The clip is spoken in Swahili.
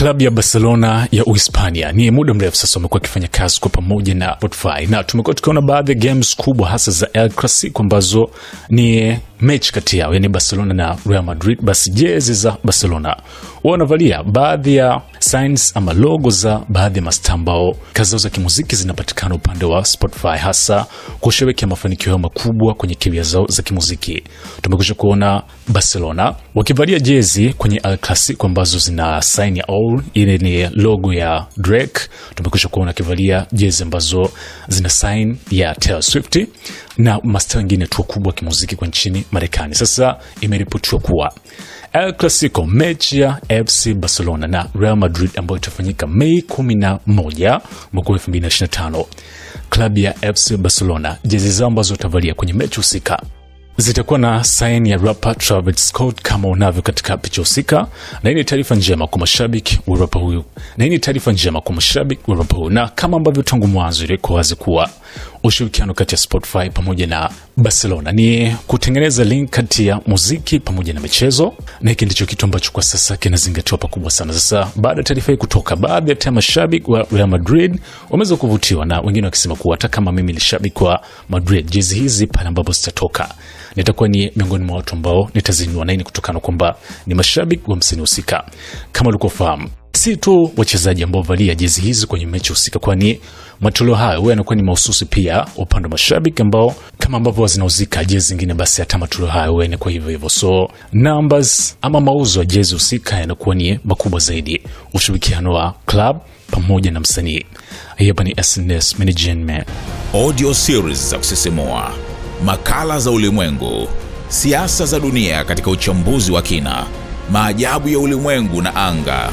klabu ya Barcelona ya Uhispania ni muda mrefu sasa wamekuwa akifanya kazi kwa pamoja na Spotify, na tumekuwa tukiona baadhi ya games kubwa hasa za El Clasico ambazo ni mechi kati yao, yani Barcelona na Real Madrid. Basi jezi za Barcelona huwa wanavalia baadhi ya signs ama logo za baadhi ya mastaa ambao kazi zao za kimuziki zinapatikana upande wa Spotify, hasa kusherekea mafanikio yao makubwa kwenye kiria zao za kimuziki. Tumekwisha kuona Barcelona wakivalia jezi kwenye El Clasico ambazo zina sign ya all Liverpool. Ile ni logo ya Drake. Tumekwisha kuona akivalia jezi ambazo zina sign ya Taylor Swift na masta wengine tu kubwa kimuziki kwa nchini Marekani. Sasa imeripotiwa kuwa El Clasico, mechi ya FC Barcelona na Real Madrid ambayo itafanyika Mei 11 mwaka 2025, klabu ya FC Barcelona jezi zao ambazo watavalia kwenye mechi husika zitakuwa na saini ya rapa Travis Scott kama unavyo katika picha husika, na hii ni taarifa njema kwa mashabiki wa rapa huyu, na hii ni taarifa njema kwa mashabiki wa rapa huyu, na kama ambavyo tangu mwanzo ilikuwa wazi kuwa ushirikiano kati ya Spotify pamoja na Barcelona ni kutengeneza link kati ya muziki pamoja na michezo, na hiki ndicho kitu ambacho kwa sasa kinazingatiwa pakubwa sana. Sasa baada ya taarifa hii kutoka, baadhi ya mashabiki wa Real Madrid wameweza kuvutiwa na wengine wakisema kuwa hata kama mimi ni shabiki wa Madrid, jezi hizi pale ambapo zitatoka nitakuwa ni miongoni mwa watu ambao nitazinua na hii ni kutokana kwamba ni mashabiki wa msanii husika. Kama ulikofahamu si tu wachezaji ambao valia jezi hizi kwenye mechi husika, kwani matoleo hayo huwa yanakuwa ni mahususi pia upande wa mashabiki ambao kama ambavyo wazinauzika jezi zingine, basi hata matoleo hayo huwa yanakuwa hivyo hivyo. So numbers ama mauzo ya jezi husika yanakuwa ni makubwa zaidi, ushirikiano wa club pamoja na msanii. Hapa ni SNS Man. audio series za kusisimua, makala za ulimwengu, siasa za dunia katika uchambuzi wa kina, maajabu ya ulimwengu na anga